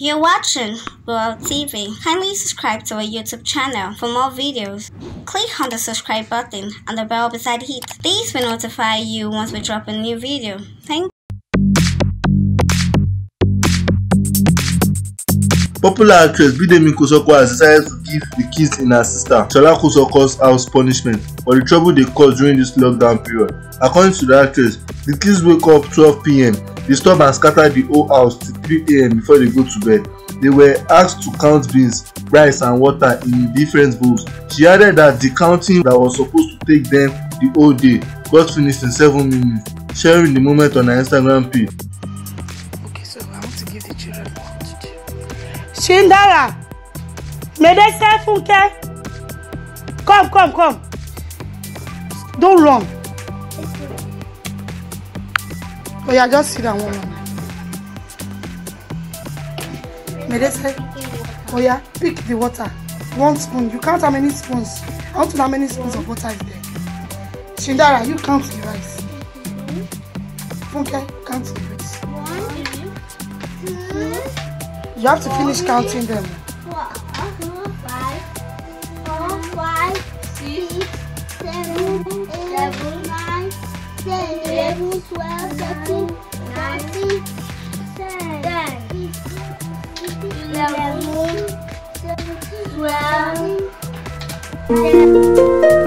You're watching World TV. Kindly subscribe to our YouTube channel for more videos. Click on the subscribe button and the bell beside it. This will notify you once we drop a new video. Thank Popular actress Bidemi Kosoko has decided to give the kids in her sister Shola Kosoko's house punishment for the trouble they caused during this lockdown period. According to the actress, the kids wake up 12 pm disturb and scatter the whole house till 3am before they go to bed. They were asked to count beans, rice and water in different bowls. She added that the counting that was supposed to take them the whole day got finished in 7 minutes, sharing the moment on her Instagram page. Okay, so I want to give the children what to do. Shindara, may they say Funke? Come, come, come. Don't run. Oh yeah, just sit down woman. moment. May they say? Oh yeah, pick the water. One spoon. You count how many spoons. I want to know how many spoons of water is there. Shindara, you count the rice. Okay, count the rice. You have to finish counting them. Seven, eight, nine, ten, eleven, twelve, thirteen. Eleven. Twelve.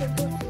Thank you.